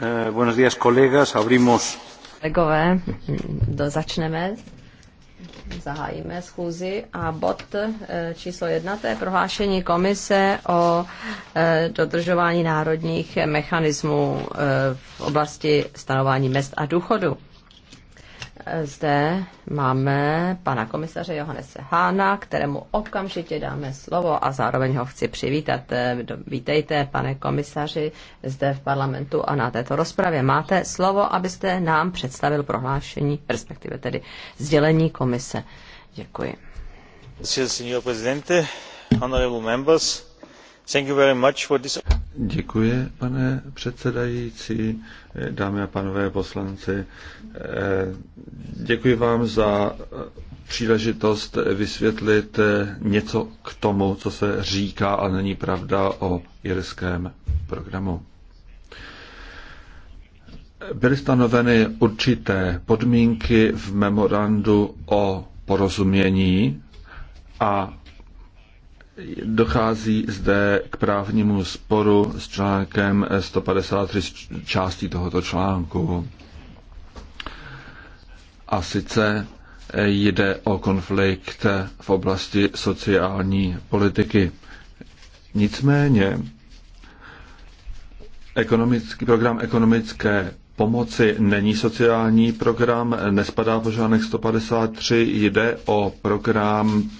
Eh, buenos días, colegas. Abrimos. Kolegové, začneme. Zahájíme schůzi a bod eh, číslo jedna, to je prohlášení komise o eh, dodržování národních mechanismů v oblasti stanování mest a důchodu zde máme pana komisaře Johannese Hána, kterému okamžitě dáme slovo a zároveň ho chci přivítat. Vítejte, pane komisaři, zde v parlamentu a na této rozpravě. Máte slovo, abyste nám představil prohlášení, respektive tedy sdělení komise. Děkuji. Signor Presidente, honorable members, thank you very much for this... Děkuji, pane předsedající, dámy a panové poslanci. Eh, děkuji vám za příležitost vysvětlit něco k tomu, co se říká a není pravda o jirském programu. Byly stanoveny určité podmínky v memorandu o porozumění a dochází zde k právnímu sporu s článkem 153 částí tohoto článku. A sice jde o konflikt v oblasti sociální politiky. Nicméně ekonomický program ekonomické pomoci není sociální program, nespadá po žádných 153, jde o program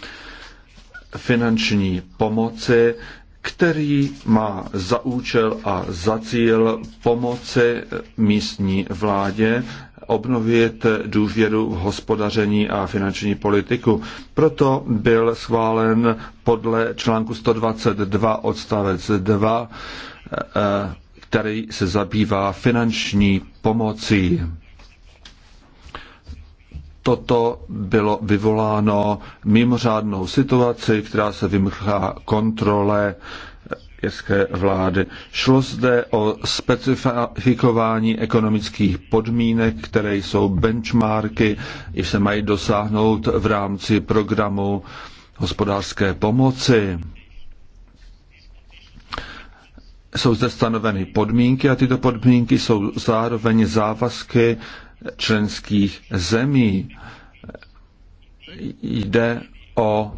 finanční pomoci, který má za účel a za cíl pomoci místní vládě obnovit důvěru v hospodaření a finanční politiku. Proto byl schválen podle článku 122 odstavec 2, eh, který se zabývá finanční pomocí toto bylo vyvoláno mimořádnou situaci, která se vymchá kontrole jeské vlády. Šlo zde o specifikování ekonomických podmínek, které jsou benchmarky, jež se mají dosáhnout v rámci programu hospodářské pomoci. Jsou zde stanoveny podmínky a tyto podmínky jsou zároveň závazky členských zemí. Jde o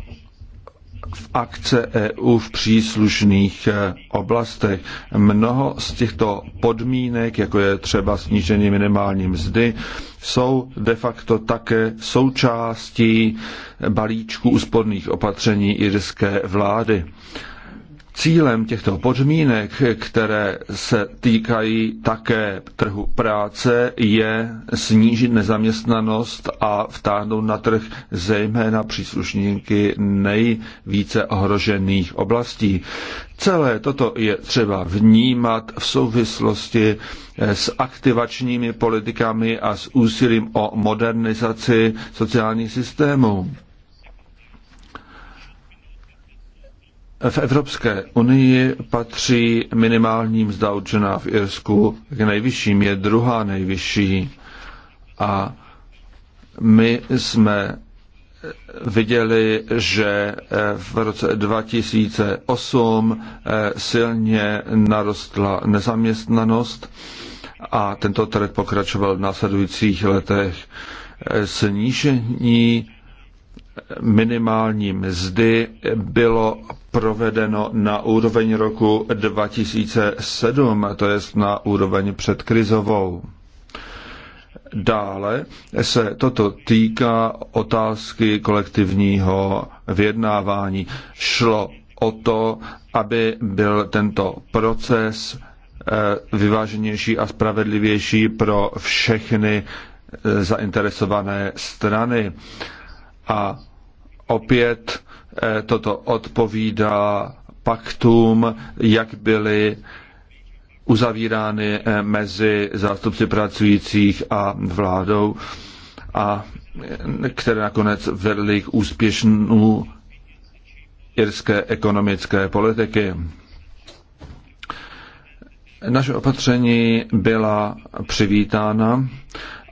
v akce EU v příslušných eh, oblastech. Mnoho z těchto podmínek, jako je třeba snížení minimální mzdy, jsou de facto také součástí balíčku úsporných opatření irské vlády. Cílem těchto podmínek, které se týkají také trhu práce, je snížit nezaměstnanost a vtáhnout na trh zejména příslušníky nejvíce ohrožených oblastí. Celé toto je třeba vnímat v souvislosti s aktivačními politikami a s úsilím o modernizaci sociálních systémů. V Evropské unii patří minimální mzda určená v Irsku k nejvyšším, je druhá nejvyšší. A my jsme viděli, že eh, v roce 2008 eh, silně narostla nezaměstnanost a tento trend pokračoval v následujících letech. Eh, snížení minimální mzdy bylo provedeno na úroveň roku 2007, to je na úroveň předkrizovou. Dále se toto týká otázky kolektivního vyjednávání. Šlo o to, aby byl tento proces eh, vyváženější a spravedlivější pro všechny eh, zainteresované strany. A opět eh, toto odpovídá paktům, jak byly uzavírány eh, mezi zástupci pracujících a vládou a eh, které nakonec vedly k úspěšnou irské ekonomické politiky. Naše opatření byla přivítána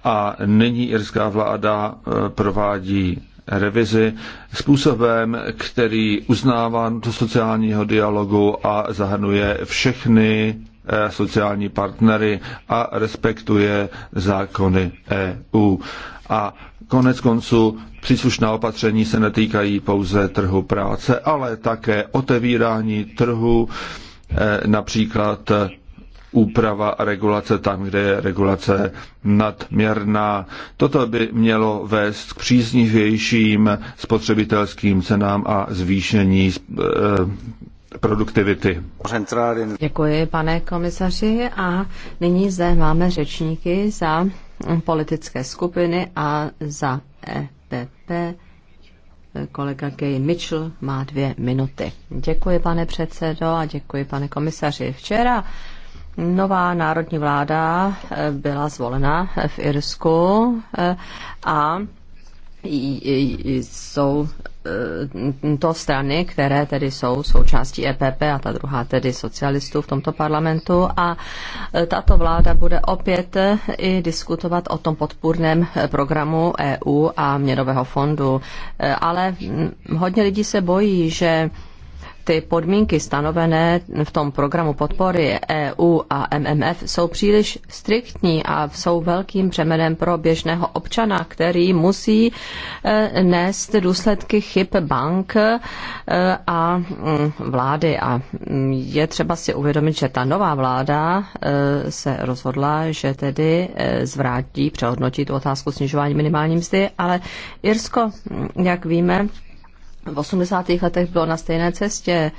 a nyní irská vláda provádí revizi způsobem, který uznává do sociálního dialogu a zahrnuje všechny eh, sociální partnery a respektuje zákony EU. A konec konců příslušná opatření se netýkají pouze trhu práce, ale také otevírání trhu eh, například úprava a regulace tam, kde je regulace nadměrná. Toto by mělo vést k příznivějším spotřebitelským cenám a zvýšení eh, produktivity. Děkuji, pane komisaři. A nyní zde máme řečníky za politické skupiny a za EPP. Kolega Gay Mitchell má dvě minuty. Děkuji, pane předsedo, a děkuji, pane komisaři. Včera Nová národní vláda eh, byla zvolena eh, v Irsku eh, a jsou to strany, které tedy jsou součástí EPP a ta druhá tedy socialistů v tomto parlamentu a tato vláda bude opět i diskutovat o tom podpůrném programu EU a měnového fondu. Ale hm, hodně lidí se bojí, že ty podmínky stanovené v tom programu podpory EU a MMF jsou příliš striktní a jsou velkým přemenem pro běžného občana, který musí eh, nést důsledky chyb bank eh, a mm, vlády. A mm, je třeba si uvědomit, že ta nová vláda eh, se rozhodla, že tedy zvrátí, přehodnotí tu otázku snižování minimální mzdy, ale Irsko, mm, jak víme, v 80. letech bylo na stejné cestě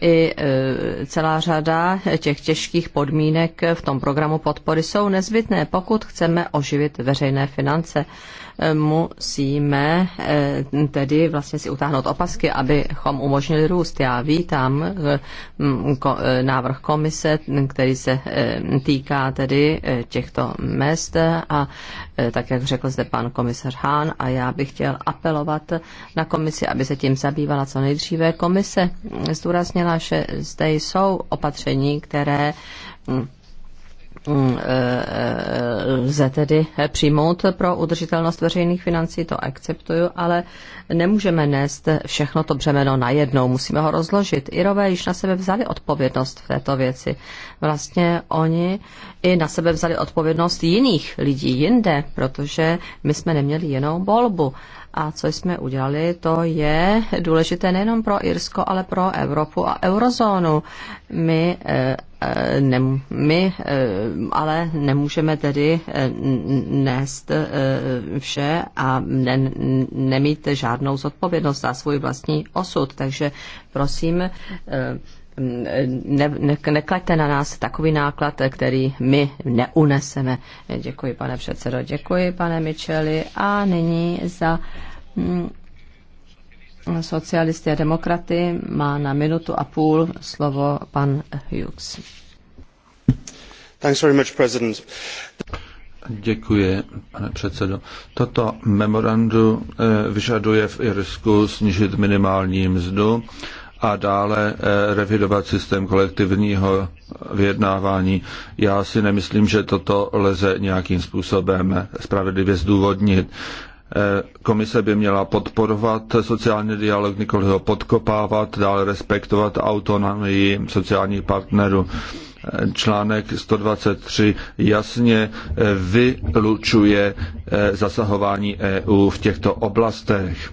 i e, celá řada těch těžkých podmínek v tom programu podpory jsou nezbytné. Pokud chceme oživit veřejné finance, e, musíme e, tedy vlastně si utáhnout opasky, abychom umožnili růst. Já vítám návrh komise, který se týká tedy těchto mest a tak, jak řekl zde pan komisař Hán, a já bych chtěl apelovat na komisi, aby se tím zabývala co nejdříve. Komise zdůraznila, zmínila, že zde jsou opatření, které mm, mm, eh, lze tedy přijmout pro udržitelnost veřejných financí, to akceptuju, ale nemůžeme nést všechno to břemeno najednou, musíme ho rozložit. Irové již na sebe vzali odpovědnost v této věci. Vlastně oni i na sebe vzali odpovědnost jiných lidí jinde, protože my jsme neměli jinou volbu. A co jsme udělali, to je důležité nejenom pro Irsko, ale pro Evropu a eurozónu. My, eh, eh, ne, my eh, ale nemůžeme tedy nést vše a ne, nemít žádnou zodpovědnost za svůj vlastní osud. Takže prosím, ne, ne, neklaďte na nás takový náklad, který my neuneseme. Děkuji, pane předsedo, děkuji, pane Micheli. A nyní za mm, socialisty a demokraty má na minutu a půl slovo pan Hughes. Thanks very much, President. Děkuji, pane předsedo. Toto memorandu eh, vyžaduje v Irsku snížit minimální mzdu a dále eh, revidovat systém kolektivního vyjednávání. Já si nemyslím, že toto lze nějakým způsobem spravedlivě zdůvodnit. Eh, komise by měla podporovat sociální dialog, nikoli ho podkopávat, dále respektovat autonomii sociálních partnerů. Eh, článek 123 jasně vylučuje zasahování EU v těchto oblastech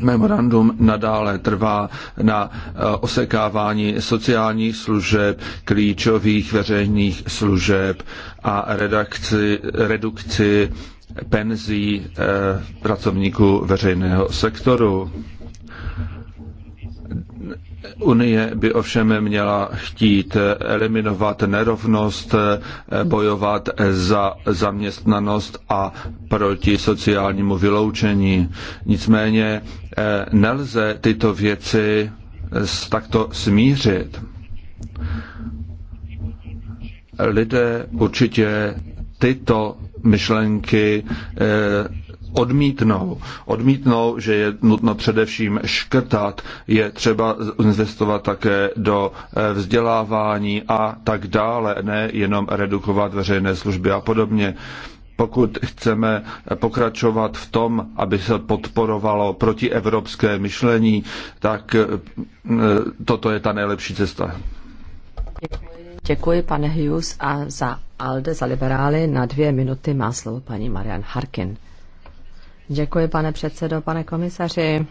memorandum nadále trvá na eh, osekávání sociálních služeb, klíčových veřejných služeb a redakci, redukci penzí eh, pracovníků veřejného sektoru. Unie by ovšem měla chtít eliminovat nerovnost, bojovat za zaměstnanost a proti sociálnímu vyloučení. Nicméně eh, nelze tyto věci takto smířit. Lidé určitě tyto myšlenky eh, odmítnou. Odmítnou, že je nutno především škrtat, je třeba investovat také do eh, vzdělávání a tak dále, ne jenom redukovat veřejné služby a podobně pokud chceme pokračovat v tom, aby se podporovalo protievropské myšlení, tak eh, toto je ta nejlepší cesta. Děkuji, Děkuji pane Hughes, a za ALDE, za liberály, na dvě minuty má slovo paní Marian Harkin. Děkuji, pane předsedo, pane komisaři.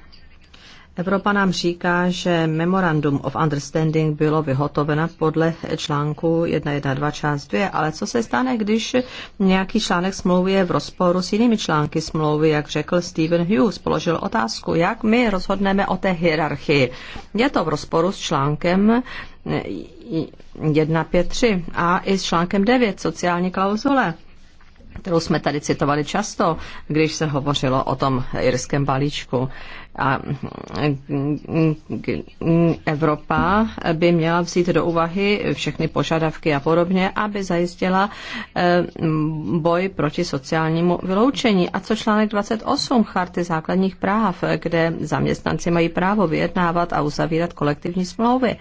Evropa nám říká, že Memorandum of Understanding bylo vyhotoveno podle článku 1.1.2 část 2, ale co se stane, když nějaký článek smlouvy je v rozporu s jinými články smlouvy, jak řekl Stephen Hughes, položil otázku, jak my rozhodneme o té hierarchii. Je to v rozporu s článkem 1.5.3 a i s článkem 9 sociální klauzule kterou jsme tady citovali často, když se hovořilo o tom irském balíčku. A Evropa by měla vzít do úvahy všechny požadavky a podobně, aby zajistila eh, boj proti sociálnímu vyloučení. A co článek 28 Charty základních práv, kde zaměstnanci mají právo vyjednávat a uzavírat kolektivní smlouvy.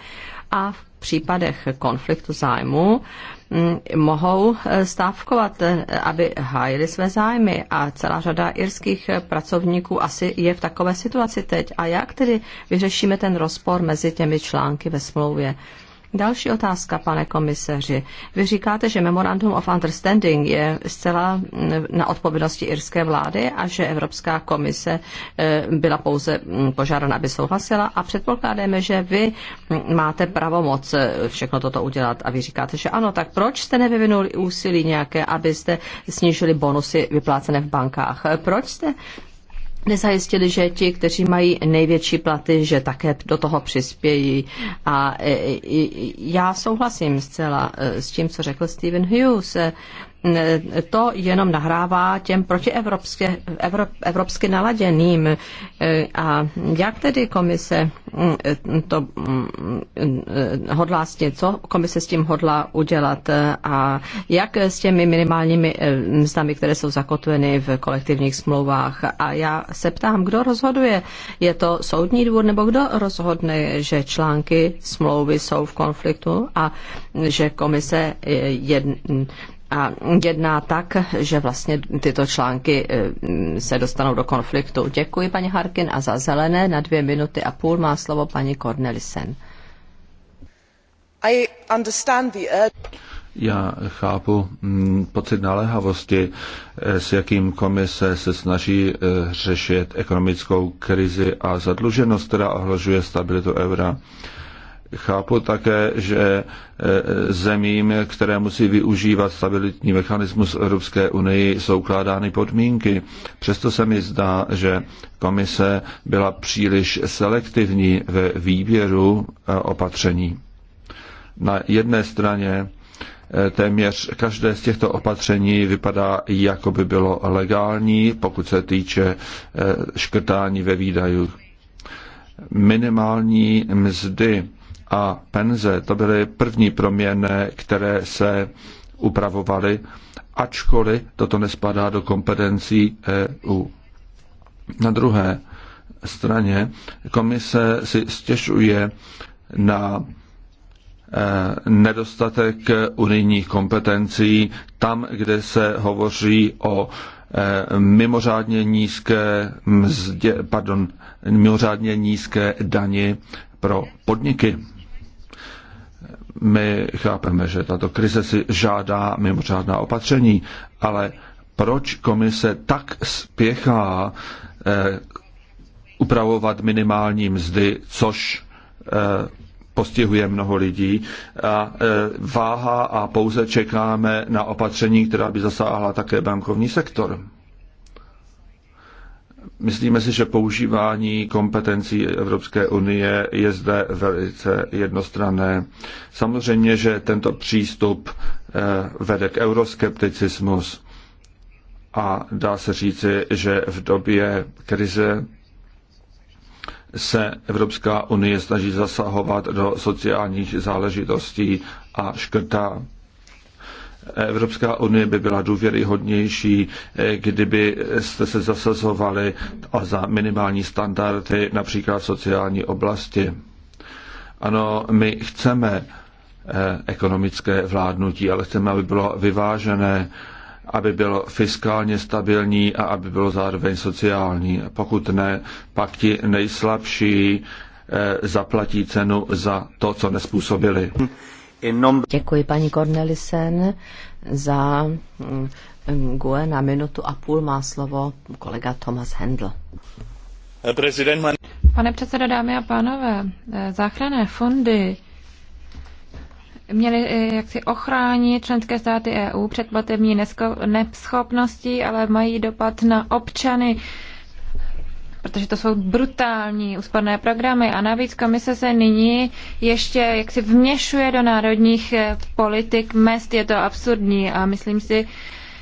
A v případech konfliktu zájmu Mm, mohou eh, stávkovat, eh, aby hájili své zájmy a celá řada irských eh, pracovníků asi je v takové situaci teď. A jak tedy vyřešíme ten rozpor mezi těmi články ve smlouvě? Další otázka, pane komisaři. Vy říkáte, že Memorandum of Understanding je zcela na odpovědnosti irské vlády a že Evropská komise eh, byla pouze mm, požádána, aby souhlasila a předpokládáme, že vy mm, máte pravomoc eh, všechno toto udělat a vy říkáte, že ano, tak proč jste nevyvinuli úsilí nějaké, abyste snížili bonusy vyplácené v bankách? Proč jste nezajistili, že ti, kteří mají největší platy, že také do toho přispějí. A e, e, e, já souhlasím zcela s tím, co řekl Stephen Hughes to jenom nahrává těm protievropské, evrop, evropsky naladěným. Eh, a jak tedy komise mm, to mm, eh, hodlá s tím, co komise s tím hodlá udělat eh, a jak s těmi minimálními mzdami, které jsou zakotveny v kolektivních smlouvách. A já se ptám, kdo rozhoduje? Je to soudní dvůr nebo kdo rozhodne, že články smlouvy jsou v konfliktu a že komise jedn, a jedná tak, že vlastně tyto články eh, se dostanou do konfliktu. Děkuji paní Harkin a za zelené na dvě minuty a půl má slovo paní Cornelisen. I understand the já chápu mm, pocit naléhavosti, eh, s jakým komise se snaží eh, řešit ekonomickou krizi a zadluženost, která ohrožuje stabilitu eura. Chápu také, že e, zemím, které musí využívat stabilitní mechanismus Evropské unii, jsou ukládány podmínky. Přesto se mi zdá, že komise byla příliš selektivní ve výběru e, opatření. Na jedné straně e, téměř každé z těchto opatření vypadá, jako by bylo legální, pokud se týče škrtání ve výdajích minimální mzdy a penze. To byly první proměny, které se upravovaly, ačkoliv toto nespadá do kompetencí EU. Na druhé straně komise si stěžuje na eh, nedostatek unijních kompetencí tam, kde se hovoří o eh, mimořádně nízké, mzdě, pardon, mimořádně nízké dani pro podniky. My chápeme, že tato krize si žádá mimořádná opatření, ale proč komise tak spěchá eh, upravovat minimální mzdy, což eh, postihuje mnoho lidí a e, eh, váha a pouze čekáme na opatření, která by zasáhla také bankovní sektor. Myslíme si, že používání kompetencí Evropské unie je zde velice jednostranné. Samozřejmě, že tento přístup eh, vede k euroskepticismus a dá se říci, že v době krize se Evropská unie snaží zasahovat do sociálních záležitostí a škrtá. Evropská unie by byla důvěryhodnější, eh, kdyby jste se zasazovali a za minimální standardy, například v sociální oblasti. Ano, my chceme eh, ekonomické vládnutí, ale chceme, aby bylo vyvážené, aby bylo fiskálně stabilní a aby bylo zároveň sociální. Pokud ne, pak ti nejslabší eh, zaplatí cenu za to, co nespůsobili. Děkuji paní Cornelisen za mm, mm, GUE na minutu a půl má slovo kolega Thomas Hendl. Pane předsedo, dámy a pánové, záchranné fondy měly eh, jaksi ochránit členské státy EU před platební neschopností, ale mají dopad na občany protože to jsou brutální úsporné programy a navíc komise se nyní ještě jaksi vměšuje do národních eh, politik mest, je to absurdní a myslím si,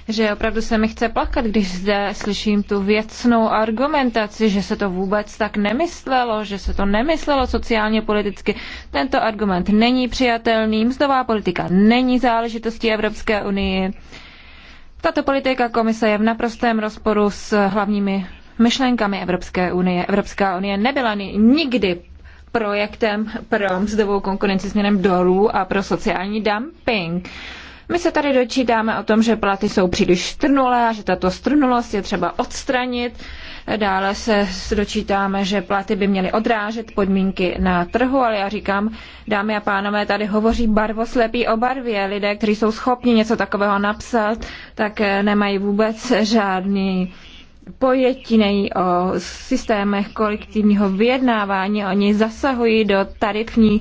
že opravdu se mi chce plakat, když zde slyším tu věcnou argumentaci, že se to vůbec tak nemyslelo, že se to nemyslelo sociálně politicky. Tento argument není přijatelný, mzdová politika není záležitostí Evropské unie. Tato politika komise je v naprostém rozporu s hlavními myšlenkami Evropské unie. Evropská unie nebyla nikdy projektem pro mzdovou konkurenci směrem dolů a pro sociální dumping. My se tady dočítáme o tom, že platy jsou příliš strnulé a že tato strnulost je třeba odstranit. Dále se dočítáme, že platy by měly odrážet podmínky na trhu, ale já říkám, dámy a pánové, tady hovoří barvoslepí o barvě. Lidé, kteří jsou schopni něco takového napsat, tak nemají vůbec žádný pojetí, nejí o systémech kolektivního vyjednávání, oni zasahují do tarifní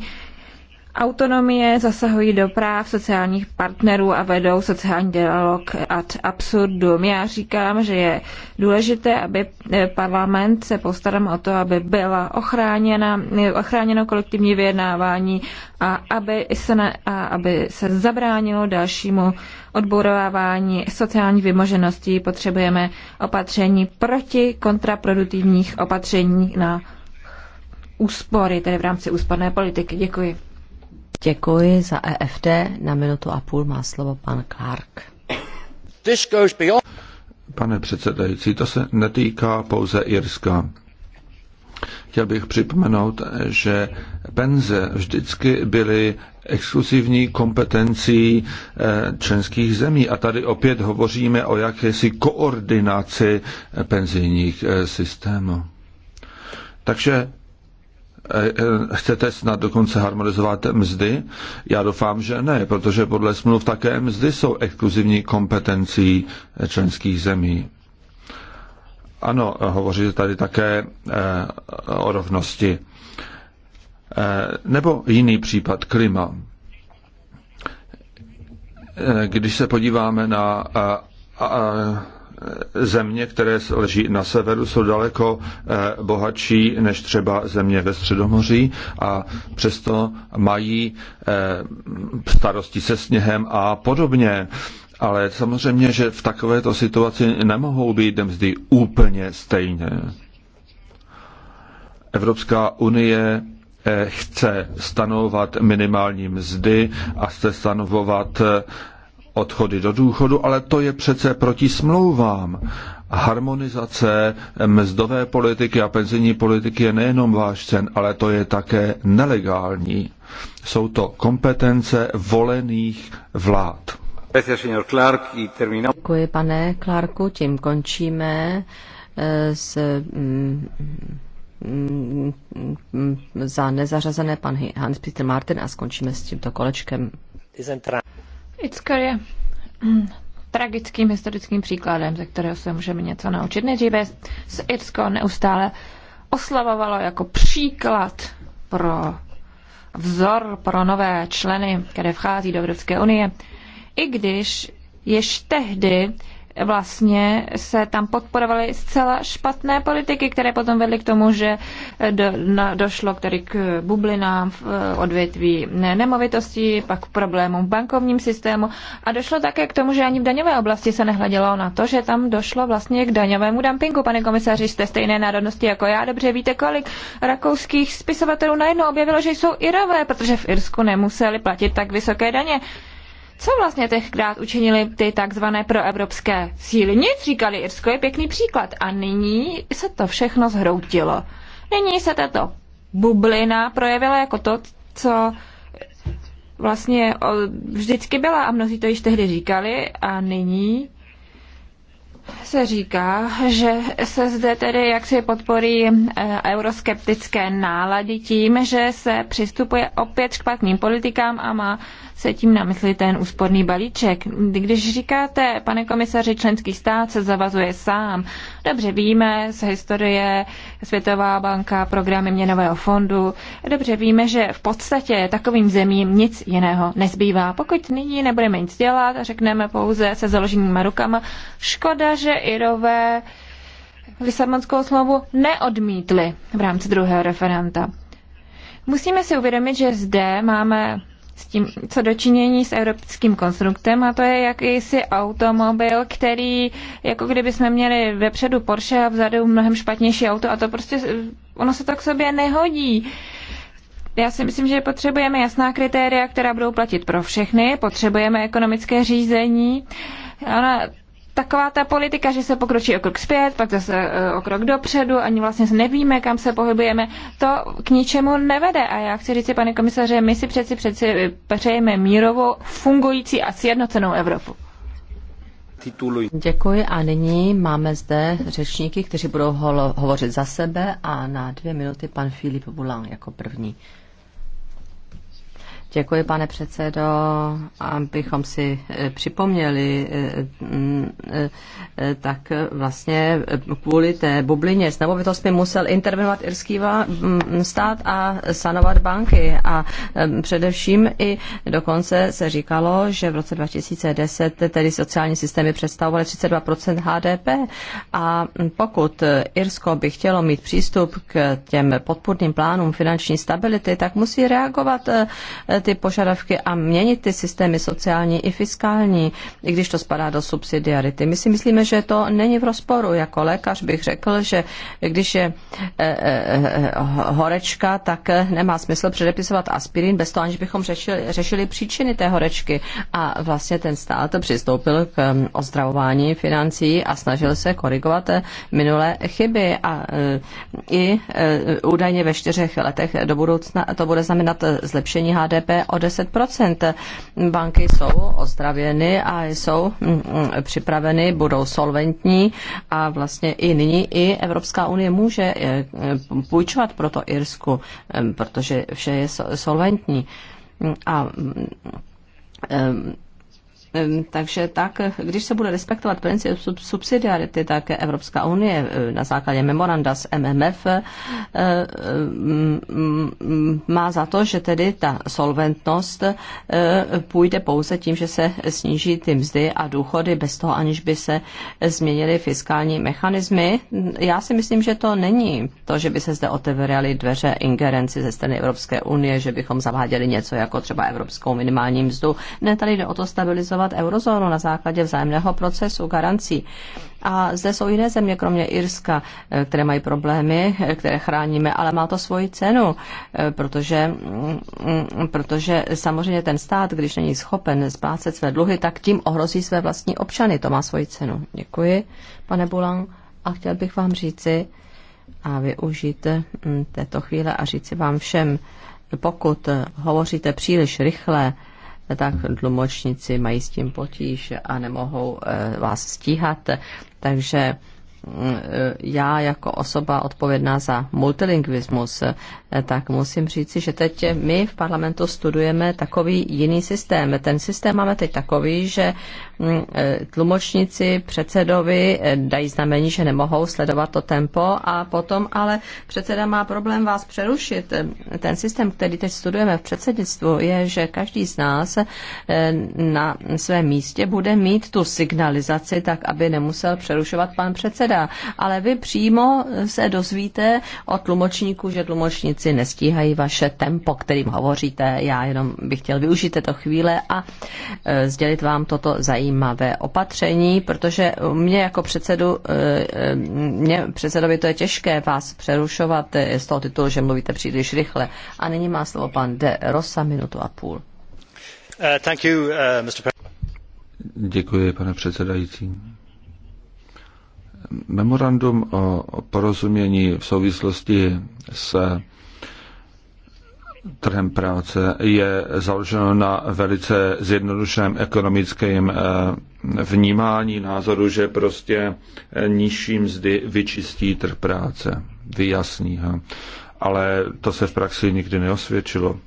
Autonomie zasahují do práv sociálních partnerů a vedou sociální dialog ad absurdum. Já říkám, že je důležité, aby eh, parlament se postaral o to, aby byla ochráněna, eh, ochráněno kolektivní vyjednávání a aby se, ne, a aby se zabránilo dalšímu odbourovávání sociální vymožeností. Potřebujeme opatření proti kontraproduktivních opatření na úspory, tedy v rámci úsporné politiky. Děkuji. Děkuji za EFD. Na minutu a půl má slovo pan Clark. Pane předsedající, to se netýká pouze Irska. Chtěl bych připomenout, že penze vždycky byly exkluzivní kompetencí eh, členských zemí. A tady opět hovoříme o jakési koordinaci penzijních eh, systémů. Takže Eh, eh, chcete snad dokonce harmonizovat mzdy? Já doufám, že ne, protože podle smluv také mzdy jsou exkluzivní kompetencí eh, členských zemí. Ano, hovoříte tady také o rovnosti. Nebo jiný případ, klima. Když se podíváme na země, které leží na severu, jsou daleko eh, bohatší než třeba země ve Středomoří a přesto mají eh, starosti se sněhem a podobně. Ale samozřejmě, že v takovéto situaci nemohou být mzdy úplně stejné. Evropská unie eh, chce stanovat minimální mzdy a chce stanovovat odchody do důchodu, ale to je přece proti smlouvám. Harmonizace mzdové politiky a penzijní politiky je nejenom váš cen, ale to je také nelegální. Jsou to kompetence volených vlád. Děkuji, pane Clarku, tím končíme eh, s, mm, mm, mm, za nezařazené pan Hans-Peter Martin a skončíme s tímto kolečkem. Ickar je mm, tragickým historickým příkladem, ze kterého se můžeme něco naučit. Nejdříve se Irsko neustále oslavovalo jako příklad pro vzor pro nové členy, které vchází do Evropské unie, i když již tehdy vlastně se tam podporovaly zcela špatné politiky, které potom vedly k tomu, že do, na, došlo tedy k bublinám v eh, odvětví nemovitostí, pak k problémům v bankovním systému a došlo také k tomu, že ani v daňové oblasti se nehledělo na to, že tam došlo vlastně k daňovému dumpingu. Pane komisaři, jste stejné národnosti jako já, dobře víte, kolik rakouských spisovatelů najednou objevilo, že jsou Irové, protože v Irsku nemuseli platit tak vysoké daně co vlastně tehkrát učinili ty takzvané proevropské síly? Nic, říkali Irsko, je pěkný příklad. A nyní se to všechno zhroutilo. Nyní se tato bublina projevila jako to, co vlastně vždycky byla a mnozí to již tehdy říkali a nyní se říká, že se zde tedy jaksi podporí e, euroskeptické nálady tím, že se přistupuje opět k špatným politikám a má se tím na mysli ten úsporný balíček? Když říkáte, pane komisaři, členský stát se zavazuje sám, dobře víme z historie Světová banka, programy měnového fondu, dobře víme, že v podstatě takovým zemím nic jiného nezbývá. Pokud nyní nebudeme nic dělat řekneme pouze se založenýma rukama, škoda, že Irové Lisabonskou smlouvu neodmítli v rámci druhého referenta. Musíme si uvědomit, že zde máme s tím, co dočinění s evropským konstruktem a to je jakýsi automobil, který, jako kdyby jsme měli vepředu Porsche a vzadu mnohem špatnější auto a to prostě, ono se to k sobě nehodí. Já si myslím, že potřebujeme jasná kritéria, která budou platit pro všechny, potřebujeme ekonomické řízení. Ona, taková ta politika, že se pokročí o krok zpět, pak zase eh, o krok dopředu, ani vlastně nevíme, kam se pohybujeme, to k ničemu nevede. A já chci říct pane komisaře, my si přeci, přeci přejeme mírovou, fungující a sjednocenou Evropu. Tituluj. Děkuji a nyní máme zde řečníky, kteří budou hovořit za sebe a na dvě minuty pan Filip Bulan jako první. Děkuji, pane předsedo. Abychom si eh, připomněli, eh, mm, eh, tak vlastně kvůli té bublině s nemovitostmi musel intervenovat irský mm, stát a sanovat banky. A především i dokonce se říkalo, že v roce 2010 tedy sociální systémy představovaly 32 HDP. A mm, pokud Irsko by chtělo mít přístup k těm podpůrným plánům finanční stability, tak musí reagovat ty požadavky a měnit ty systémy sociální i fiskální, i když to spadá do subsidiarity. My si myslíme, že to není v rozporu. Jako lékař bych řekl, že když je eh, eh, horečka, tak eh, nemá smysl předepisovat aspirin bez toho, aniž bychom řešili, řešili příčiny té horečky. A vlastně ten stát přistoupil k ozdravování financí a snažil se korigovat minulé chyby a i údajně ve čtyřech letech do budoucna to bude znamenat zlepšení HDP HDP o 10%. Banky jsou ozdravěny a jsou mm, mm, připraveny, budou solventní a vlastně i nyní i Evropská unie může eh, eh, půjčovat pro to Irsku, eh, protože vše je solventní. A mm, takže tak, když se bude respektovat princip subsidiarity, tak Evropská unie e, na základě memoranda s MMF e, e, má za to, že tedy ta solventnost půjde pouze tím, že se sníží ty mzdy a důchody bez toho, aniž by se změnily fiskální mechanismy. Já si myslím, že to není to, že by se zde otevřely dveře ingerenci ze strany Evropské unie, že bychom zaváděli něco jako třeba evropskou minimální mzdu. Ne, tady jde o to stabilizovat reformovat eurozónu na základě vzájemného procesu garancí. A zde jsou jiné země, kromě Irska, eh, které mají problémy, eh, které chráníme, ale má to svoji cenu, eh, protože, mm, mm, protože samozřejmě ten stát, když není schopen splácet své dluhy, tak tím ohrozí své vlastní občany. To má svoji cenu. Děkuji, pane Bulan. A chtěl bych vám říci a využít mm, této chvíle a říci vám všem, pokud hovoříte příliš rychle, tak tlumočníci mají s tím potíž a nemohou eh, vás stíhat. Takže já jako osoba odpovědná za multilingvismus, tak musím říci, že teď my v parlamentu studujeme takový jiný systém. Ten systém máme teď takový, že mm, tlumočníci předsedovi dají znamení, že nemohou sledovat to tempo a potom ale předseda má problém vás přerušit. Ten systém, který teď studujeme v předsednictvu, je, že každý z nás eh, na svém místě bude mít tu signalizaci tak, aby nemusel přerušovat pan předseda předseda, ale vy přímo se dozvíte od tlumočníku, že tlumočníci nestíhají vaše tempo, kterým hovoříte. Já jenom bych chtěl využít této chvíle a e, sdělit vám toto zajímavé opatření, protože mě jako předsedu, e, e, mě předsedovi to je těžké vás přerušovat z toho titulu, že mluvíte příliš rychle. A nyní má slovo pan De Rosa minutu a půl. Uh, you, uh, Děkuji, pane předsedající. Memorandum o porozumění v souvislosti s trhem práce je založeno na velice zjednodušeném ekonomickém eh, vnímání názoru, že prostě eh, nižší mzdy vyčistí trh práce, vyjasní ho. Ale to se v praxi nikdy neosvědčilo.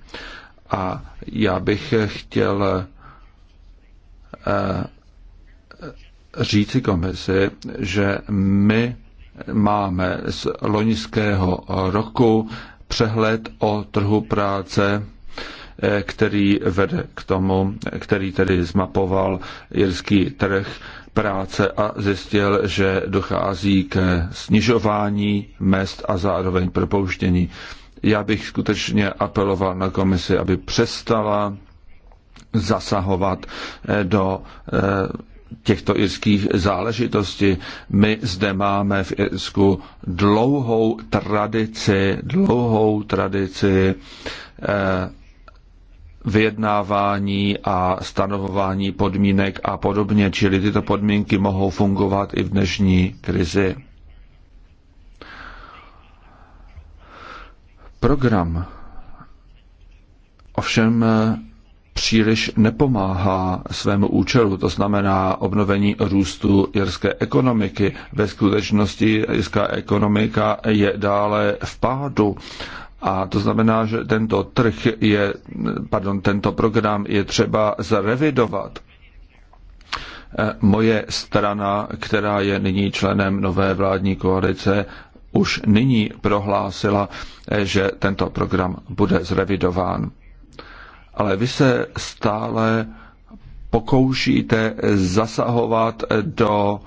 A já bych chtěl eh, říci komisi, že my máme z loňského roku přehled o trhu práce, eh, který vede k tomu, který tedy zmapoval jirský trh práce a zjistil, že dochází k snižování mest a zároveň propouštění. Já bych skutečně apeloval na komisi, aby přestala zasahovat eh, do eh, těchto irských záležitostí. My zde máme v Irsku dlouhou tradici, dlouhou tradici eh, vyjednávání a stanovování podmínek a podobně, čili tyto podmínky mohou fungovat i v dnešní krizi. Program ovšem příliš nepomáhá svému účelu, to znamená obnovení růstu jirské ekonomiky. Ve skutečnosti jirská ekonomika je dále v pádu. A to znamená, že tento trh je, pardon, tento program je třeba zrevidovat. Eh, moje strana, která je nyní členem nové vládní koalice, už nyní prohlásila, eh, že tento program bude zrevidován ale vy se stále pokoušíte zasahovat do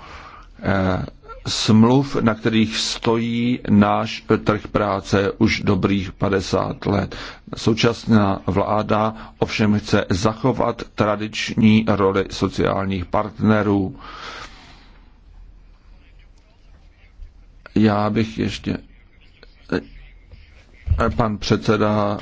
eh, smluv, na kterých stojí náš trh práce už dobrých 50 let. Současná vláda ovšem chce zachovat tradiční roli sociálních partnerů. Já bych ještě. Eh, pan předseda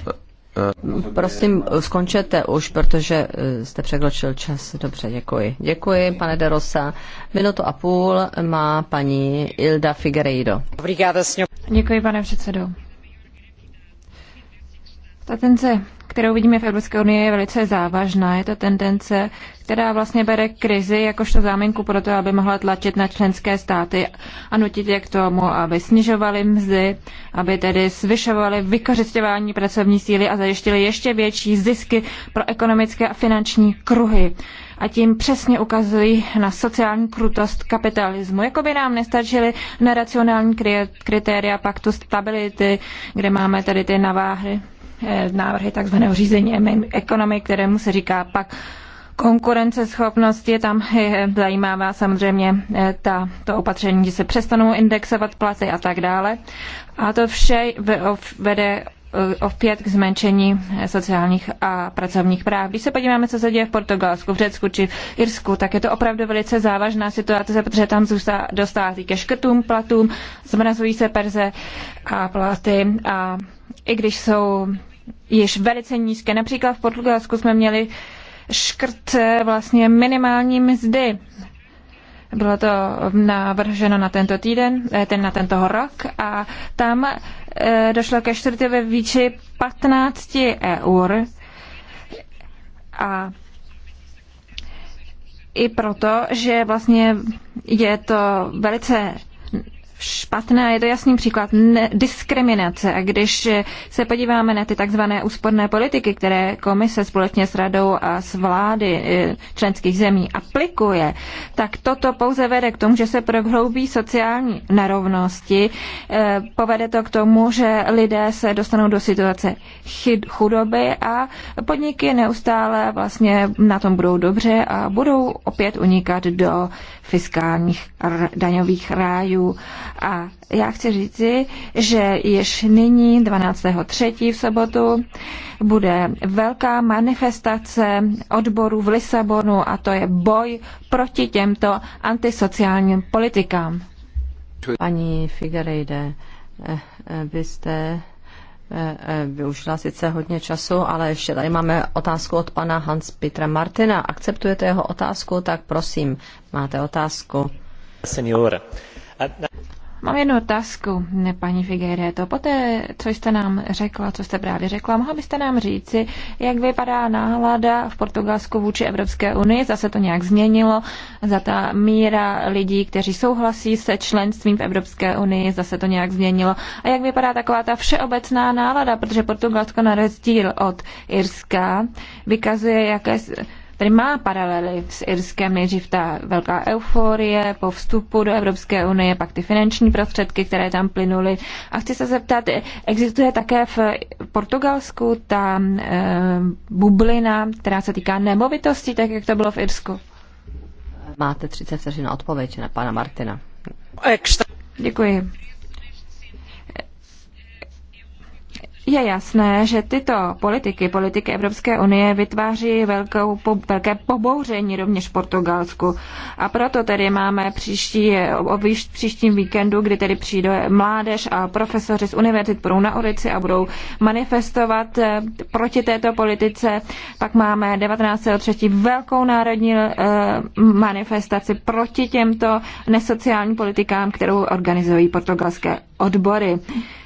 Prosím, skončete už, protože eh, jste překročil čas. Dobře, děkuji. Děkuji, pane Derosa. Minutu a půl má paní Ilda Figueiredo. Děkuji, pane předsedo. Ta tendence, kterou vidíme v Evropské unii, je velice závažná. Je to tendence, která vlastně bere krizi jakožto záminku pro to, aby mohla tlačit na členské státy a nutit je k tomu, aby snižovali mzdy, aby tedy zvyšovali vykořišťování pracovní síly a zajištili ještě větší zisky pro ekonomické a finanční kruhy a tím přesně ukazují na sociální krutost kapitalismu. Jako by nám nestačily neracionální kritéria paktu stability, kde máme tady ty naváhy Eh, návrhy takzvaného řízení ekonomik, kterému se říká pak konkurenceschopnost je tam zajímavá samozřejmě eh, ta, to opatření, že se přestanou indexovat platy a tak dále. A to vše vede Eh, opět k zmenšení sociálních a pracovních práv. Když se podíváme, co se děje v Portugalsku, v Řecku či v Irsku, tak je to opravdu velice závažná situace, protože tam zůstá, ke škrtům, platům, zmrazují se perze a platy a i když jsou již velice nízké. Například v Portugalsku jsme měli škrt eh, vlastně minimální mzdy. Bylo to navrženo na tento týden, eh, ten na tento rok a tam Eh, došlo ke čtvrtě ve výči 15 eur a i proto, že vlastně je to velice špatné a je to jasný příklad ne- diskriminace. A když se podíváme na ty takzvané úsporné politiky, které komise společně s radou a s vlády eh, členských zemí aplikuje, tak toto pouze vede k tomu, že se prohloubí sociální nerovnosti. Eh, povede to k tomu, že lidé se dostanou do situace chudoby a podniky neustále vlastně na tom budou dobře a budou opět unikat do fiskálních daňových rájů. A já chci říci, že již nyní, 12.3. v sobotu, bude velká manifestace odborů v Lisabonu a to je boj proti těmto antisociálním politikám. Paní Figueiredo, eh, vy jste eh, eh, využila sice hodně času, ale ještě tady máme otázku od pana Hans Petra Martina. Akceptujete jeho otázku, tak prosím, máte otázku. Senior. Mám jednu otázku, paní Figueire. To poté, co jste nám řekla, co jste právě řekla, mohla byste nám říci, jak vypadá náhlada v Portugalsku vůči Evropské unii? Zase to nějak změnilo? Za ta míra lidí, kteří souhlasí se členstvím v Evropské unii, zase to nějak změnilo? A jak vypadá taková ta všeobecná nálada? Protože Portugalsko na rozdíl od Irska vykazuje jaké který má paralely s Irskem, nejdřív ta velká euforie po vstupu do Evropské unie, pak ty finanční prostředky, které tam plynuly. A chci se zeptat, existuje také v Portugalsku ta e, bublina, která se týká nemovitostí, tak jak to bylo v Irsku? Máte 30 vteřin odpověď na pana Martina. Děkuji. Je jasné, že tyto politiky, politiky Evropské unie, vytváří velkou, po, velké pobouření rovněž v Portugalsku. A proto tedy máme příští, výš příštím víkendu, kdy tedy přijde mládež a profesoři z univerzit budou na ulici a budou manifestovat eh, proti této politice. Pak máme 19.3. velkou národní eh, manifestaci proti těmto nesociálním politikám, kterou organizují portugalské odbory.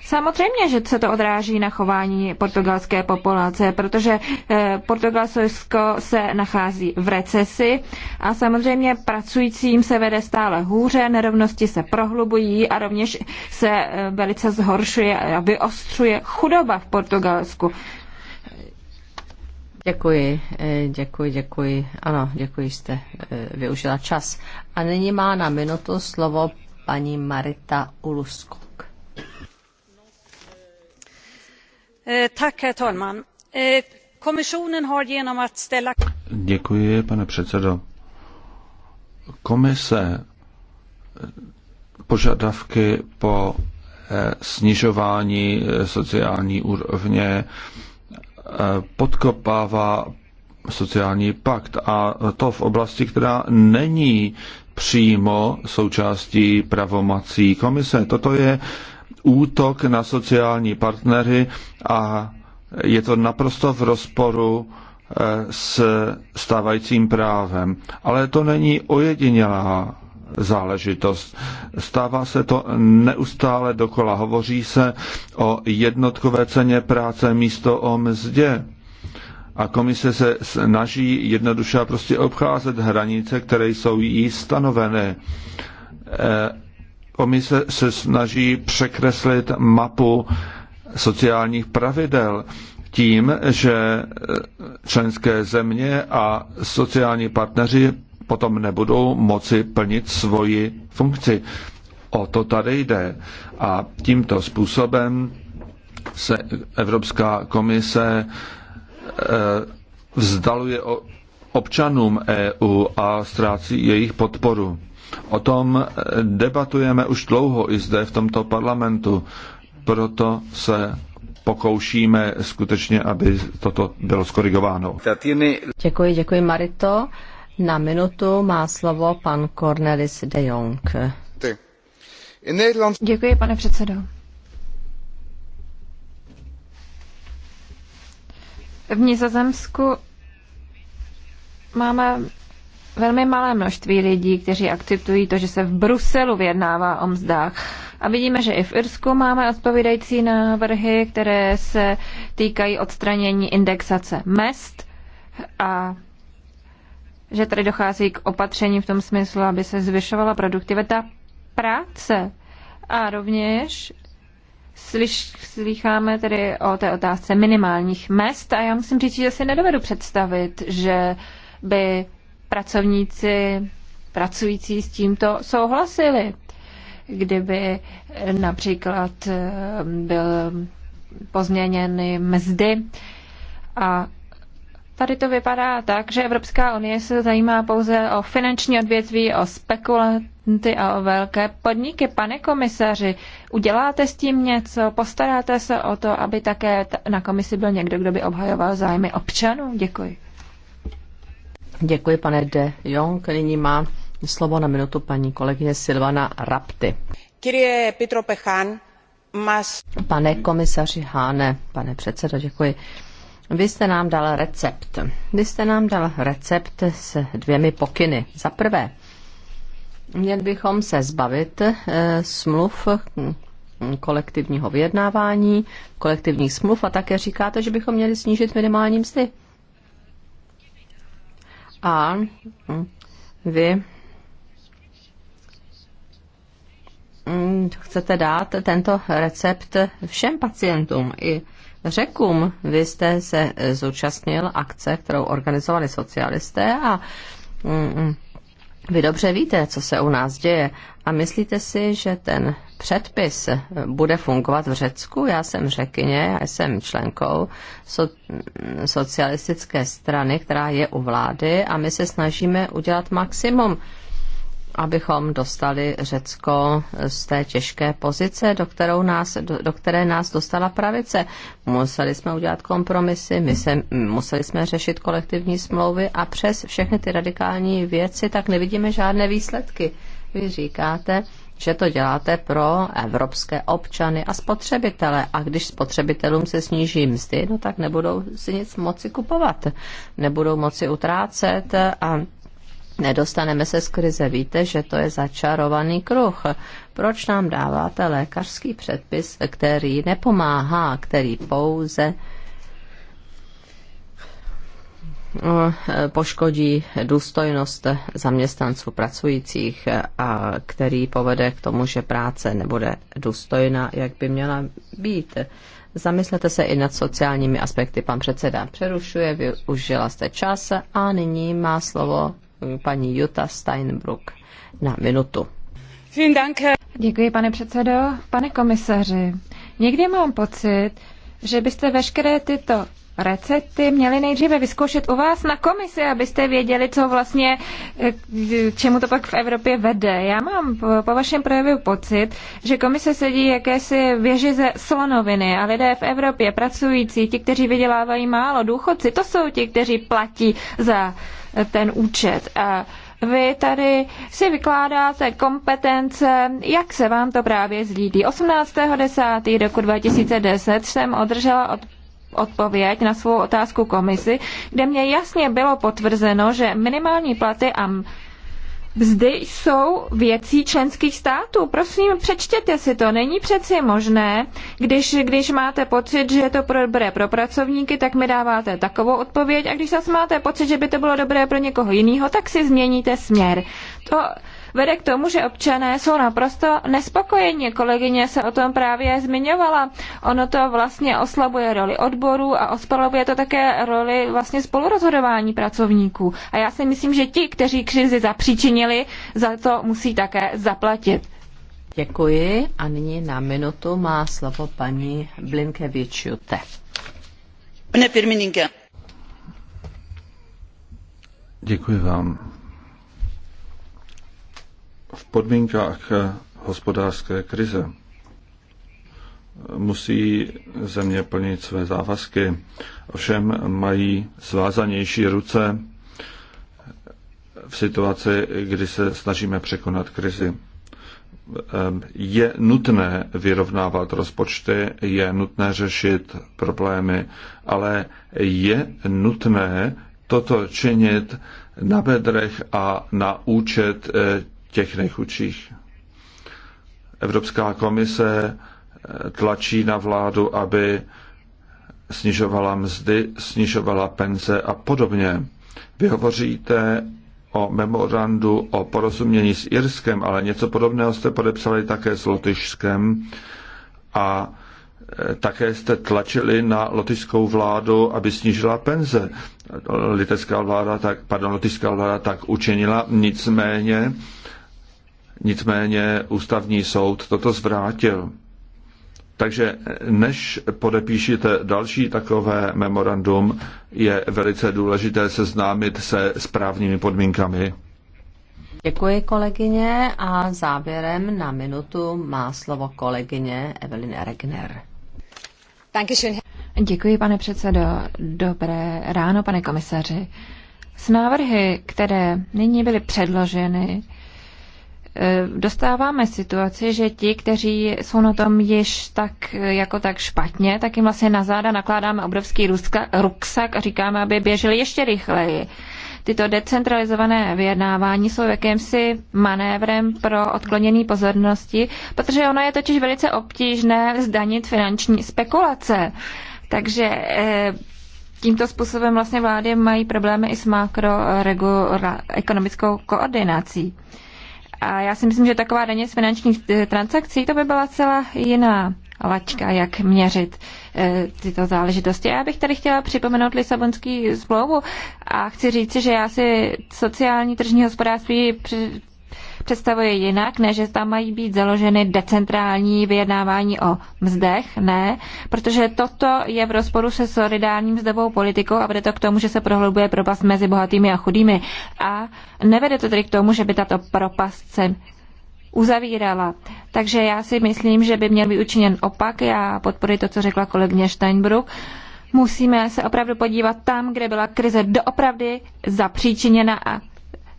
Samozřejmě, že se to odráží na chování portugalské populace, protože eh, Portugalsko se nachází v recesi a samozřejmě pracujícím se vede stále hůře, nerovnosti se prohlubují a rovněž se eh, velice zhoršuje a vyostřuje chudoba v Portugalsku. Děkuji, eh, děkuji, děkuji. Ano, děkuji, jste využila čas. A nyní má na minutu slovo paní Marita Ulusko. Eh, herr eh, Děkuji, pane předsedo. Komise eh, požadavky po snižování sociální úrovně podkopává sociální pakt a to v oblasti, která není přímo součástí pravomocí komise. Toto je útok na sociální partnery a je to naprosto v rozporu eh, s stávajícím právem. Ale to není ojedinělá záležitost. Stává se to neustále dokola. Hovoří se o jednotkové ceně práce místo o mzdě. A komise se snaží jednoduše prostě obcházet hranice, které jsou jí stanoveny eh, Komise se snaží překreslit mapu sociálních pravidel tím, že eh, členské země a sociální partneři potom nebudou moci plnit svoji funkci. O to tady jde. A tímto způsobem se Evropská komise eh, vzdaluje občanům EU a ztrácí jejich podporu. O tom eh, debatujeme už dlouho i zde v tomto parlamentu, proto se pokoušíme skutečně, aby toto bylo skorigováno. Děkuji, děkuji Marito. Na minutu má slovo pan Cornelis de Jong. Děkuji, pane předsedo. V Nizozemsku máme velmi malé množství lidí, kteří akceptují to, že se v Bruselu vyjednává o mzdách. A vidíme, že i v Irsku máme odpovídající návrhy, které se týkají odstranění indexace mest a že tady dochází k opatření v tom smyslu, aby se zvyšovala produktivita práce. A rovněž slyš, slycháme tedy o té otázce minimálních mest a já musím říct, že si nedovedu představit, že by pracovníci pracující s tímto souhlasili. Kdyby například eh, byl pozměněny mzdy a Tady to vypadá tak, že Evropská unie se zajímá pouze o finanční odvětví, o spekulanty a o velké podniky. Pane komisaři, uděláte s tím něco? Postaráte se o to, aby také na komisi byl někdo, kdo by obhajoval zájmy občanů? Děkuji. Děkuji, pane De Jong. Nyní má slovo na minutu paní kolegyně Silvana Rapty. Pane komisaři Háne, pane předsedo, děkuji. Vy jste nám dal recept. Vy jste nám dal recept s dvěmi pokyny. Za prvé, měli bychom se zbavit e, smluv kolektivního vyjednávání, kolektivních smluv a také říkáte, že bychom měli snížit minimální mzdy. A vy chcete dát tento recept všem pacientům i řekům. Vy jste se zúčastnil akce, kterou organizovali socialisté a vy dobře víte, co se u nás děje a myslíte si, že ten předpis bude fungovat v Řecku? Já jsem řekyně, já jsem členkou so- socialistické strany, která je u vlády a my se snažíme udělat maximum abychom dostali Řecko z té těžké pozice, do, kterou nás, do, do které nás dostala pravice. Museli jsme udělat kompromisy, my se, museli jsme řešit kolektivní smlouvy a přes všechny ty radikální věci tak nevidíme žádné výsledky. Vy říkáte, že to děláte pro evropské občany a spotřebitele. A když spotřebitelům se sníží mzdy, no tak nebudou si nic moci kupovat, nebudou moci utrácet a Nedostaneme se z krize. Víte, že to je začarovaný kruh. Proč nám dáváte lékařský předpis, který nepomáhá, který pouze eh, poškodí důstojnost zaměstnanců pracujících a který povede k tomu, že práce nebude důstojná, jak by měla být. Zamyslete se i nad sociálními aspekty. Pan předseda přerušuje, využila jste čas a nyní má slovo paní Jutta Steinbrück na minutu. Děkuji, pane předsedo. Pane komisaři, někdy mám pocit, že byste veškeré tyto recepty měli nejdříve vyzkoušet u vás na komisi, abyste věděli, co vlastně, eh, čemu to pak v Evropě vede. Já mám po, po vašem projevu pocit, že komise sedí jakési věži ze slonoviny a lidé v Evropě, pracující, ti, kteří vydělávají málo, důchodci, to jsou ti, kteří platí za ten účet. A vy tady si vykládáte kompetence, jak se vám to právě zlídí. 18.10. roku 2010 jsem održela od odpověď na svou otázku komisi, kde mě jasně bylo potvrzeno, že minimální platy a Vzdy jsou věcí členských států. Prosím, přečtěte si to. Není přeci možné, když, když máte pocit, že je to pro dobré pro pracovníky, tak mi dáváte takovou odpověď. A když zase máte pocit, že by to bylo dobré pro někoho jiného, tak si změníte směr. To vede k tomu, že občané jsou naprosto nespokojeni. Kolegyně se o tom právě zmiňovala. Ono to vlastně oslabuje roli odborů a oslabuje to také roli vlastně spolurozhodování pracovníků. A já si myslím, že ti, kteří krizi zapříčinili, za to musí také zaplatit. Děkuji a nyní na minutu má slovo paní Blinkevičiute. Pane Děkuji vám v podmínkách hospodářské krize musí země plnit své závazky, ovšem mají svázanější ruce v situaci, kdy se snažíme překonat krizi. Ehm, je nutné vyrovnávat rozpočty, je nutné řešit problémy, ale je nutné toto činit na bedrech a na účet eh, těch nejchudších. Evropská komise eh, tlačí na vládu, aby snižovala mzdy, snižovala penze a podobně. Vy hovoříte o memorandu o porozumění s Irskem, ale něco podobného jste podepsali také s Lotyšskem a eh, také jste tlačili na lotyšskou vládu, aby snížila penze. Litecká vláda tak, pardon, lotyšská vláda tak učinila, nicméně Nicméně ústavní soud toto zvrátil. Takže než podepíšete další takové memorandum, je velice důležité seznámit se správnými podmínkami. Děkuji kolegyně a závěrem na minutu má slovo kolegyně Evelyn Regner. Děkuji, pane předsedo. Dobré ráno, pane komisaři. S návrhy, které nyní byly předloženy, Eh, dostáváme situaci, že ti, kteří jsou na tom již tak jako tak špatně, tak jim vlastně na záda nakládáme obrovský ruska, ruksak a říkáme, aby běželi ještě rychleji. Tyto decentralizované vyjednávání jsou jakýmsi manévrem pro odklonění pozornosti, protože ono je totiž velice obtížné zdanit finanční spekulace. Takže eh, tímto způsobem vlastně vlády mají problémy i s makroekonomickou koordinací. A já si myslím, že taková daně z finančních e, transakcí, to by byla celá jiná lačka, jak měřit e, tyto záležitosti. Já bych tady chtěla připomenout Lisabonský smlouvu a chci říct, že já si sociální tržní hospodářství představuje jinak, než že tam mají být založeny decentrální vyjednávání o mzdech, ne, protože toto je v rozporu se solidární mzdovou politikou a vede to k tomu, že se prohlubuje propast mezi bohatými a chudými. A nevede to tedy k tomu, že by tato propast se uzavírala. Takže já si myslím, že by měl být učiněn opak. Já podporuji to, co řekla kolegyně Steinbruck. Musíme se opravdu podívat tam, kde byla krize doopravdy zapříčiněna a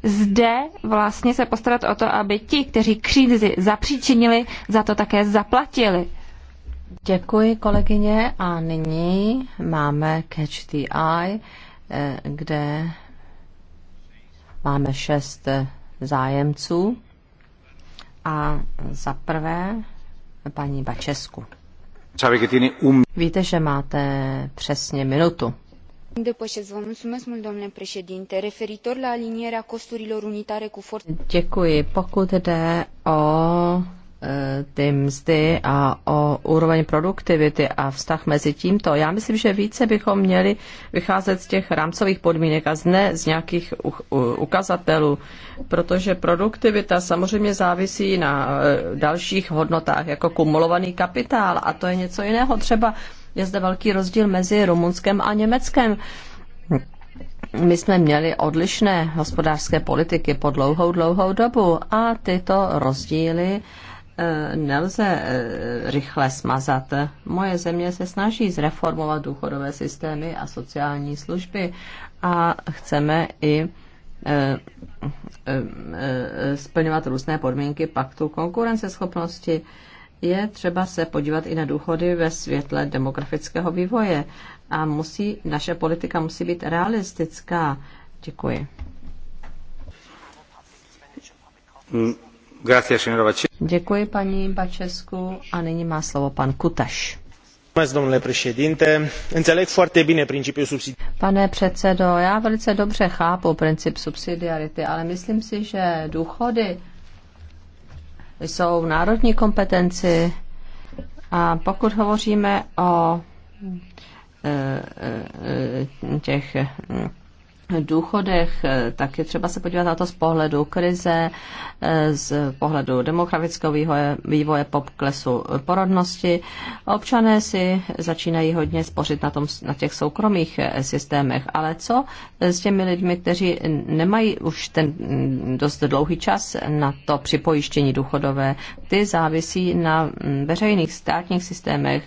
zde vlastně se postarat o to, aby ti, kteří křízi zapříčinili, za to také zaplatili. Děkuji kolegyně a nyní máme Catch the Eye, eh, kde máme šest eh, zájemců a za prvé paní Bačesku. Víte, že máte přesně minutu referitor la alinierea costurilor unitare cu forța. Děkuji. Pokud jde o e, ty mzdy a o úroveň produktivity a vztah mezi tímto. Já myslím, že více bychom měli vycházet z těch rámcových podmínek a z ne z nějakých ukazatelů, protože produktivita samozřejmě závisí na e, dalších hodnotách, jako kumulovaný kapitál a to je něco jiného. Třeba je zde velký rozdíl mezi Rumunskem a Německem. My jsme měli odlišné hospodářské politiky po dlouhou, dlouhou dobu a tyto rozdíly e, nelze e, rychle smazat. Moje země se snaží zreformovat důchodové systémy a sociální služby a chceme i e, splňovat různé podmínky paktu konkurenceschopnosti je třeba se podívat i na důchody ve světle demografického vývoje a musí, naše politika musí být realistická. Děkuji. Děkuji paní Bačesku a nyní má slovo pan Kutaš. Pane předsedo, já velice dobře chápu princip subsidiarity, ale myslím si, že důchody jsou v národní kompetenci. A pokud hovoříme o e, e, těch důchodech, eh, tak je třeba se podívat na to z pohledu krize, eh, z pohledu demografického vývoje, vývoje poklesu porodnosti. Občané si začínají hodně spořit na, tom, na těch soukromých eh, systémech, ale co s těmi lidmi, kteří nemají už ten mm, dost dlouhý čas na to připojištění důchodové, ty závisí na mm, veřejných státních systémech.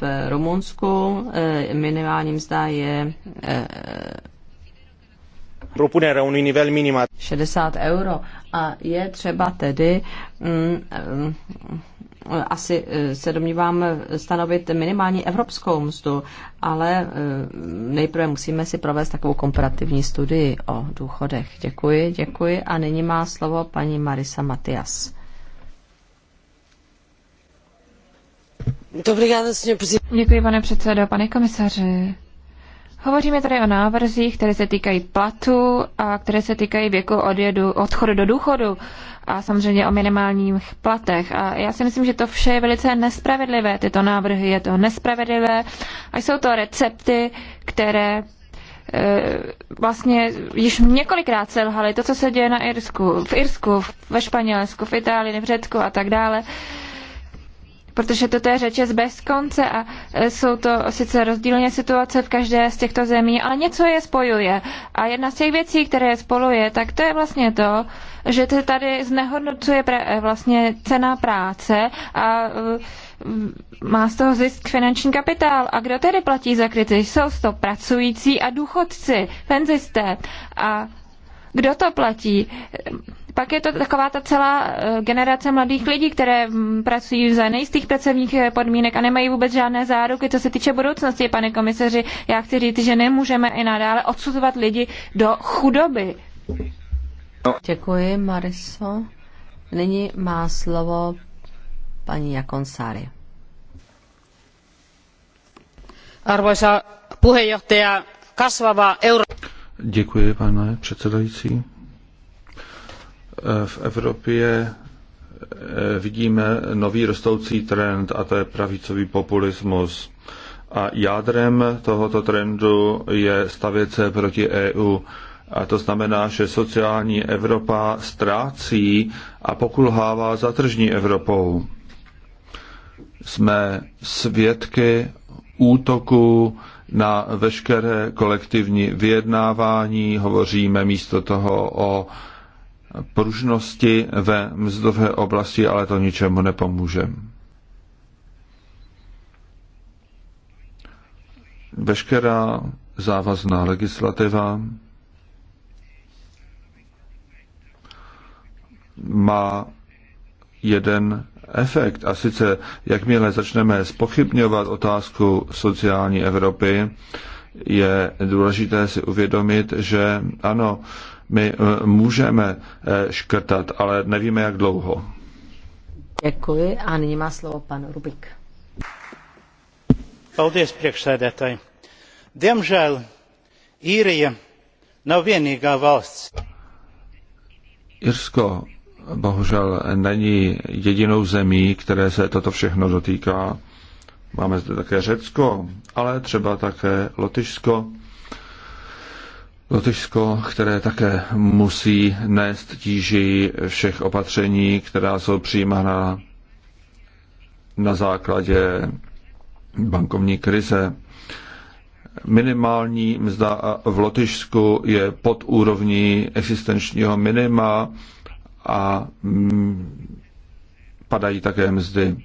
V Rumunsku minimální mzda je propunerea unui nivel minim. 60 euro a je třeba tedy mm, mm, asi eh, se domnívám stanovit minimální evropskou mzdu, ale eh, nejprve musíme si provést takovou komparativní studii o důchodech. Děkuji, děkuji a nyní má slovo paní Marisa Matias. Děkuji, pane předsedo, pane komisaři. Hovoříme tady o návrzích, které se týkají platu a které se týkají věku odjedu, odchodu do důchodu a samozřejmě o minimálních platech. A já si myslím, že to vše je velice nespravedlivé. Tyto návrhy je to nespravedlivé a jsou to recepty, které eh, vlastně již několikrát selhaly. To, co se děje na Irsku, v Irsku, ve Španělsku, v Itálii, v Řecku a tak dále protože toto je řeč bez konce a e, jsou to sice rozdílné situace v každé z těchto zemí, ale něco je spojuje. A jedna z těch věcí, které je spoluje, tak to je vlastně to, že se tady znehodnocuje e, vlastně cena práce a e, má z toho zisk finanční kapitál. A kdo tedy platí za kryty? Jsou to pracující a důchodci, penzisté. A kdo to platí? Pak je to taková ta celá e, generace mladých lidí, které mm, pracují za nejistých pracovních e, podmínek a nemají vůbec žádné záruky, co se týče budoucnosti, pane komisaři. Já chci říct, že nemůžeme i nadále odsuzovat lidi do chudoby. Děkuji, Mariso. Nyní má slovo paní Jakonsári. Arvoisa puheenjohtaja, kasvava euro... Děkuji, pane předsedající Eh, v Evropě eh, vidíme nový rostoucí trend a to je pravicový populismus. A jádrem tohoto trendu je stavět se proti EU. A to znamená, že sociální Evropa ztrácí a pokulhává za tržní Evropou. Jsme svědky útoku na veškeré kolektivní vyjednávání, hovoříme místo toho o pružnosti ve mzdové oblasti, ale to ničemu nepomůže. Veškerá závazná legislativa má jeden efekt. A sice, jakmile začneme spochybňovat otázku sociální Evropy, je důležité si uvědomit, že ano, my eh, můžeme eh, škrtat, ale nevíme, jak dlouho. Děkuji a nyní má slovo pan Rubik. Paldies, priekšsēdētāji. Diemžēl Īrija nav vienīgā valsts. Irsko bohužel není jedinou zemí, které se toto všechno dotýká. Máme zde také Řecko, ale třeba také Lotyšsko Lotyšsko, které také musí nést tíži všech opatření, která jsou přijímána na základě bankovní krize. Minimální mzda v Lotyšsku je pod úrovní existenčního minima a mm, padají také mzdy.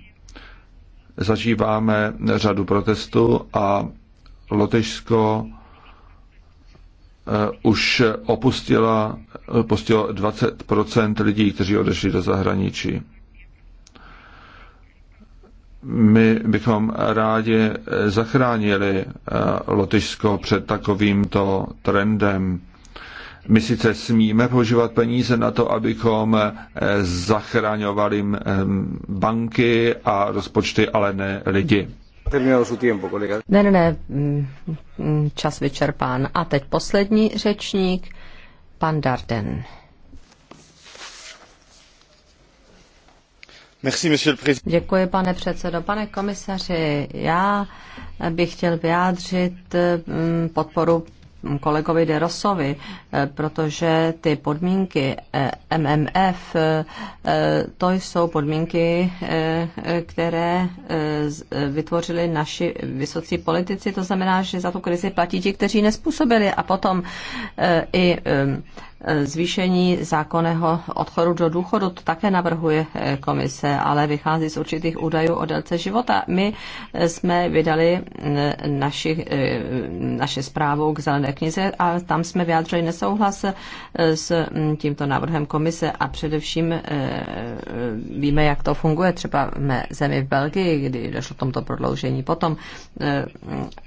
Zažíváme řadu protestů a Lotyšsko Eh, už opustila, eh, opustilo 20 lidí, kteří odešli do zahraničí. My bychom rádi eh, zachránili Lotyšsko před takovýmto trendem. My sice smíme používat peníze na to, abychom zachraňovali mm, banky a rozpočty, ale ne lidi. Ne, ne, ne, mm, mm, čas vyčerpán. A teď poslední řečník, pan Darden. Děkuji, pane předsedo. Pane komisaři, já bych chtěl vyjádřit mm, podporu kolegovi Derosovi, eh, protože ty podmínky eh, MMF, eh, to jsou podmínky, které vytvořili naši vysocí politici, to znamená, že za tu krizi platí ti, kteří nespůsobili a potom i zvýšení zákonného odchodu do důchodu. To také navrhuje komise, ale vychází z určitých údajů o délce života. My jsme vydali naši, naši zprávu k zelené knize a tam jsme vyjádřili nesouhlas s tímto návrhem komise a především eh, víme, jak to funguje třeba v mé zemi v Belgii, kdy došlo k tomto prodloužení. Potom eh,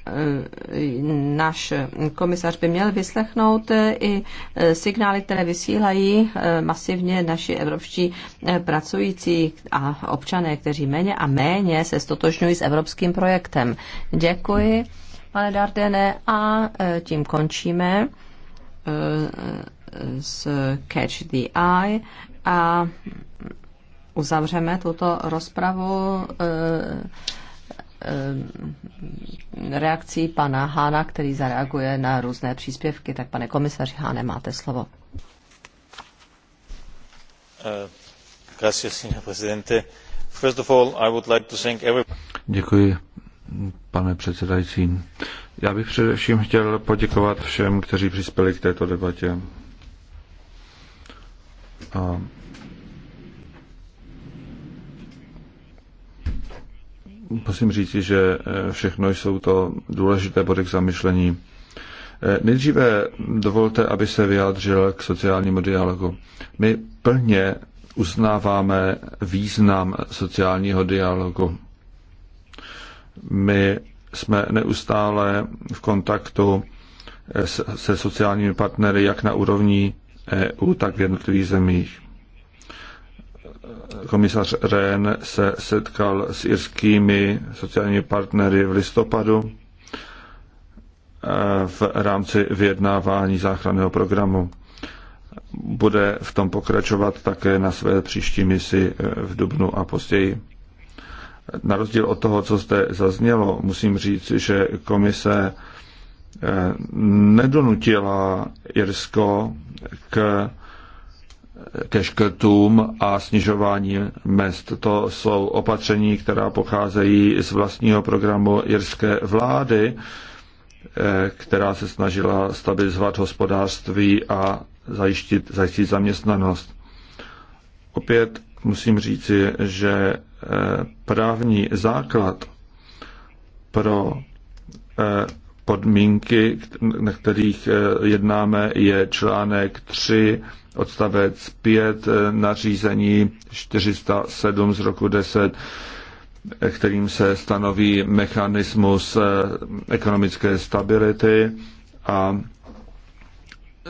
eh, náš komisař by měl vyslechnout i signál signály, které vysílají eh, masivně naši evropští eh, pracující a občané, kteří méně a méně se stotožňují s evropským projektem. Děkuji, pane Dardene, a eh, tím končíme s Catch the Eye a uzavřeme tuto rozpravu Eh, reakcí pana Hána, který zareaguje na různé příspěvky. Tak pane komisaři Háne, máte slovo. Eh, Děkuji, pane předsedající. Já bych především chtěl poděkovat všem, kteří přispěli k této debatě. A musím říct, že eh, všechno jsou to důležité body k zamyšlení. Eh, nejdříve dovolte, aby se vyjádřil k sociálnímu dialogu. My plně uznáváme význam sociálního dialogu. My jsme neustále v kontaktu eh, se sociálními partnery jak na úrovni EU, tak v jednotlivých zemích komisař Rehn se setkal s irskými sociálními partnery v listopadu eh, v rámci vyjednávání záchranného programu. Bude v tom pokračovat také na své příští misi eh, v Dubnu a později. Na rozdíl od toho, co zde zaznělo, musím říct, že komise eh, nedonutila Irsko k ke škrtům a snižování mest. To jsou opatření, která pocházejí z vlastního programu jirské vlády, eh, která se snažila stabilizovat hospodářství a zajistit, zajistit zaměstnanost. Opět musím říci, že eh, právní základ pro eh, podmínky, na kterých eh, jednáme, je článek 3, odstavec 5, eh, nařízení 407 z roku 10, eh, kterým se stanoví mechanismus ekonomické stability a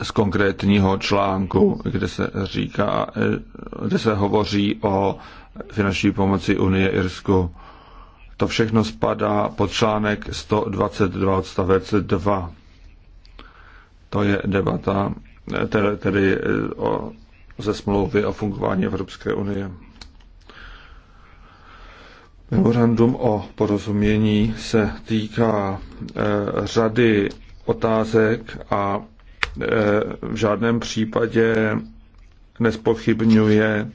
z konkrétního článku, kde se říká, kde se hovoří o finanční pomoci Unie Irsku. To všechno spadá pod článek 122 odstavec 2. To je debata, tedy, tedy eh, o, ze smlouvy o fungování Evropské unie. Memorandum o porozumění se týká e, řady otázek a e, v žádném případě nespochybňuje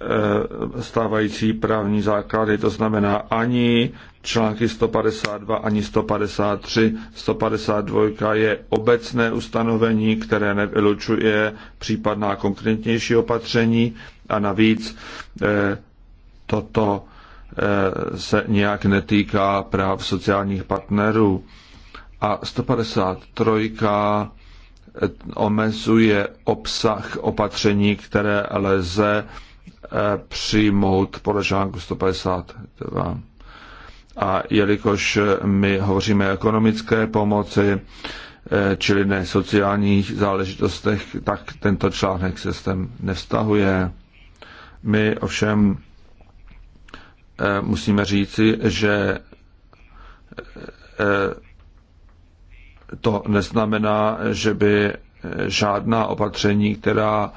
Eh, stávající právní základy, to znamená ani články 152, ani 153. 152 je obecné ustanovení, které nevylučuje případná konkrétnější opatření a navíc eh, toto eh, se nějak netýká práv sociálních partnerů. A 153 omezuje obsah opatření, které lze Eh, přijmout podle článku 152. A jelikož my hovoříme o ekonomické pomoci, eh, čili ne sociálních záležitostech, tak tento článek se tím nevztahuje. My ovšem eh, musíme říci, že to neznamená, že by žádná opatření, která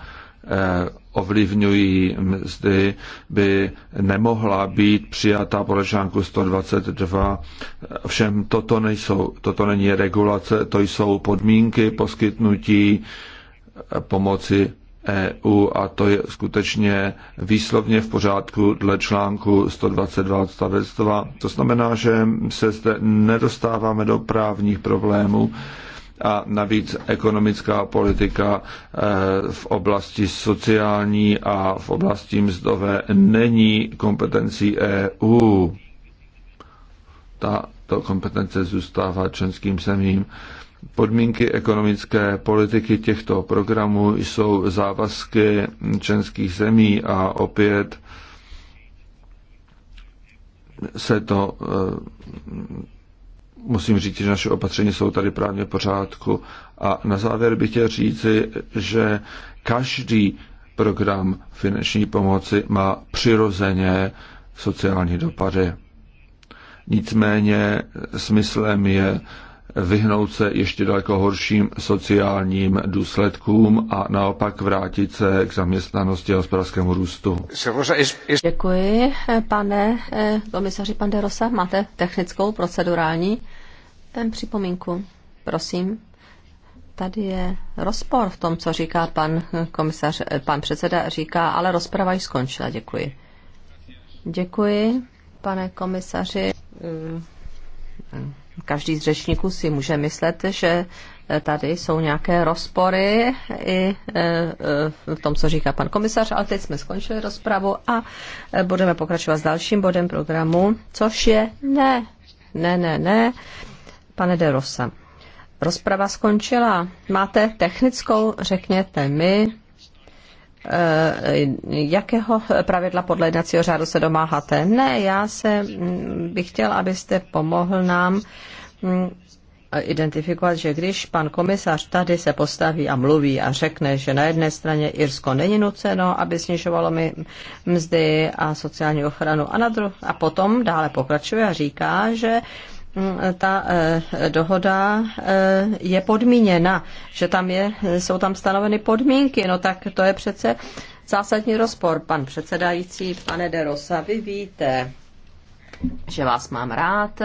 ovlivňují mzdy, by nemohla být přijata podle článku 122. Všem toto, nejsou, toto není regulace, to jsou podmínky poskytnutí pomoci EU a to je skutečně výslovně v pořádku dle článku 122 odstavec 2. To znamená, že se zde nedostáváme do právních problémů, a navíc ekonomická politika eh, v oblasti sociální a v oblasti mzdové není kompetencí EU. Ta to kompetence zůstává členským zemím. Podmínky ekonomické politiky těchto programů jsou závazky členských zemí a opět se to eh, musím říct, že naše opatření jsou tady právě v pořádku. A na závěr bych chtěl říci, že každý program finanční pomoci má přirozeně sociální dopady. Nicméně smyslem je vyhnout se ještě daleko horším sociálním důsledkům a naopak vrátit se k zaměstnanosti a hospodářskému růstu. Děkuji, pane eh, komisaři Panderosa. Máte technickou procedurální připomínku? Prosím. Tady je rozpor v tom, co říká pan komisař, eh, pan předseda říká, ale rozprava již skončila. Děkuji. Děkuji, pane komisaři. Eh, každý z řečníků si může myslet, že eh, tady jsou nějaké rozpory i eh, eh, v tom, co říká pan komisař, ale teď jsme skončili rozpravu a budeme pokračovat s dalším bodem programu, což je ne, ne, ne, ne, pane De Rosa. Rozprava skončila. Máte technickou, řekněte mi, Eh, jakého pravidla podle jednacího řádu se domáháte? Ne, já se mm, bych chtěl, abyste pomohl nám mm, identifikovat, že když pan komisař tady se postaví a mluví a řekne, že na jedné straně Irsko není nuceno, aby snižovalo mi mzdy a sociální ochranu a, na dru- a potom dále pokračuje a říká, že ta e, dohoda e, je podmíněna, že tam je, jsou tam stanoveny podmínky, no tak to je přece zásadní rozpor. Pan předsedající, pane Rosa, vy víte, že vás mám rád,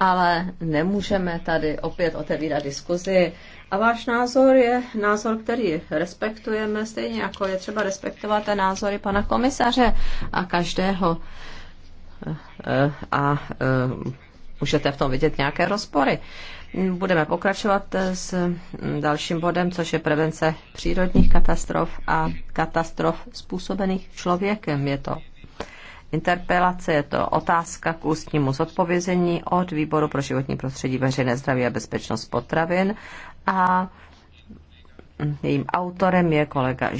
ale nemůžeme tady opět otevírat diskuzi. A váš názor je názor, který respektujeme, stejně jako je třeba respektovat názory pana komisaře a každého. E, a, a, a můžete v tom vidět nějaké rozpory. Budeme pokračovat s dalším bodem, což je prevence přírodních katastrof a katastrof způsobených člověkem. Je to interpelace, je to otázka k ústnímu zodpovězení od Výboru pro životní prostředí, veřejné zdraví a bezpečnost potravin a jejím autorem je kolega